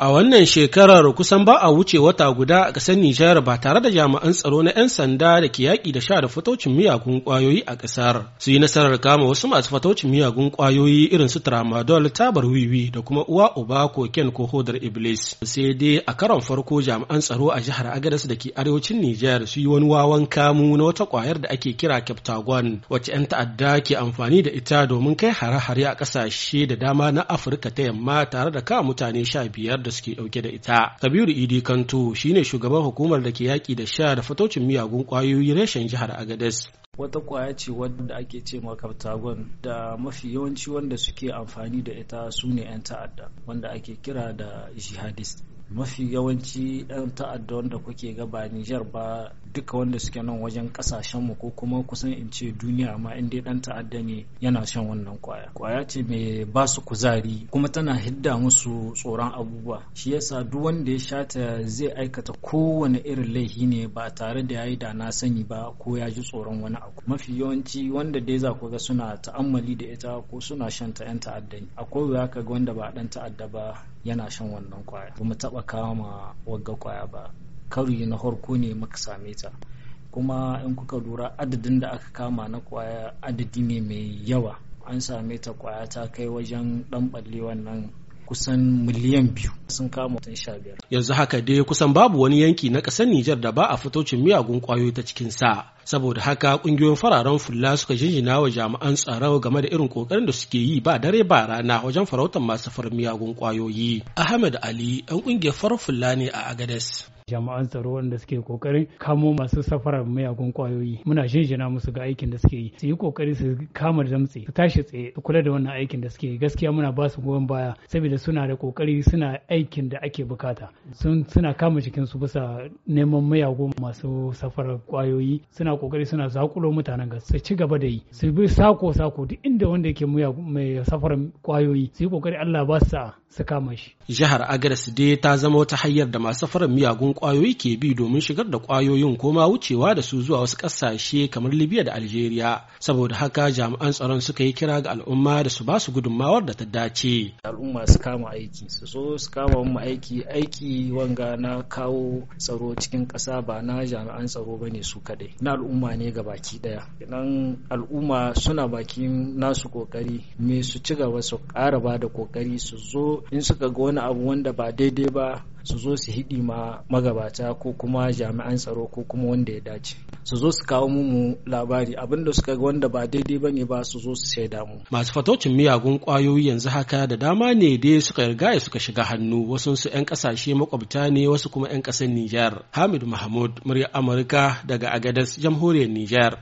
A wannan shekarar kusan ba a wuce wata guda a ƙasar Nijar ba tare da jami'an tsaro na 'yan sanda da ke yaƙi da sha da fatocin miyagun ƙwayoyi a ƙasar. Su yi nasarar kama wasu masu fatocin miyagun ƙwayoyi irin su tramadol, tabar wiwi da kuma uwa uba koken ko hodar iblis. Sai dai a karon farko jami'an tsaro a jihar Agadas da ke arewacin Nijar su yi wani wawan kamu na wata ƙwayar da ake kira Captagon wacce 'yan ta'adda ke amfani da ita domin kai hare-hare a ƙasashe da dama na Afirka ta yamma tare da kama mutane sha biyar da suke dauke da ita kabiru idi kanto shine shugaban hukumar da ke yaki da sha da fatocin miyagun kwayoyi reshen jihar Agadez. wata kwaya ce wadda ake ce makabtagon da mafi yawanci wanda suke amfani da ita su ne 'yan ta'adda wanda ake kira da jihadist mafi yawanci 'yan ta'adda wanda kuke gaba Nijar ba duka wanda suke nan wajen kasashenmu ko kuma kusan in ce duniya amma in dai dan ta'adda ne yana shan wannan kwaya kwaya ce mai ba su kuzari kuma tana hidda musu tsoron abubuwa shi yasa duk wanda ya shata zai aikata kowane irin laifi ne ba tare da yayi da na sani ba ko ya ji tsoron wani abu mafi yawanci wanda dai za ku ga suna ta'ammali da ita ko suna shan ta yan ta'adda ne akwai ga wanda ba dan ta'adda ba yana shan wannan kwaya kuma taɓa taba kama wagga kwaya ba karu na harko ne muka same ta kuma in kuka lura adadin da aka kama na kwaya adadi ne mai yawa an same ta kwaya ta kai wajen dan balle wannan kusan miliyan biyu sun kama mutum sha biyar. Yanzu haka dai kusan babu wani yanki na ƙasar Nijar da ba a fitocin miyagun ƙwayoyi ta cikin sa. Saboda haka ƙungiyoyin fararen fulla suka jinjina wa jami'an tsaro game da irin ƙoƙarin da suke yi ba dare ba rana wajen farautar masu farin miyagun ƙwayoyi. Ahmed Ali ɗan ƙungiyar farar fulla ne a Agades. Jama'an tsaro wanda suke kokarin kamo masu safarar mayagun kwayoyi muna jinjina musu ga aikin da suke yi su yi kokari su kama damtse su tashi tsaye su kula da wannan aikin da suke yi. gaskiya muna ba su goyon baya saboda suna da kokari suna aikin da ake bukata sun suna kama jikin su bisa neman mayagun masu safarar kwayoyi suna kokari suna zakulo mutanen gas su ci gaba da yi su bi sako sako duk inda wanda yake mai safarar kwayoyi su yi kokari Allah ba su su kama shi jihar Agres dai ta zama wata hanyar da masu safarar miyagun kwayoyi ke bi domin shigar da kwayoyin koma wucewa da su zuwa wasu ƙasashe kamar Libya da Algeria. Saboda haka jami'an tsaron suka yi kira ga al'umma da su basu gudummawar da ta dace. Al'umma su kama aiki, su so su kama mu aiki, aiki wanga na kawo tsaro cikin ƙasa ba na jami'an tsaro ba ne su kaɗai. Na al'umma ne ga baki ɗaya. idan al'umma suna bakin nasu ƙoƙari, me su ci gaba su ƙara ba da ƙoƙari su zo in suka ga wani abu wanda ba daidai ba su zo su hidi ma magabata ko kuma jami'an tsaro ko kuma wanda ya dace su zo su kawo mu labari abinda suka ga wanda ba daidai bane ba su zo su shaida mu masu fatocin miyagun kwayoyi yanzu haka da dama ne dai suka riga ya suka shiga hannu wasu su yan kasashe makwabta ne wasu kuma yan kasar Nijar Hamid Mahmud murya Amurka daga Agadez jamhuriyar Nijar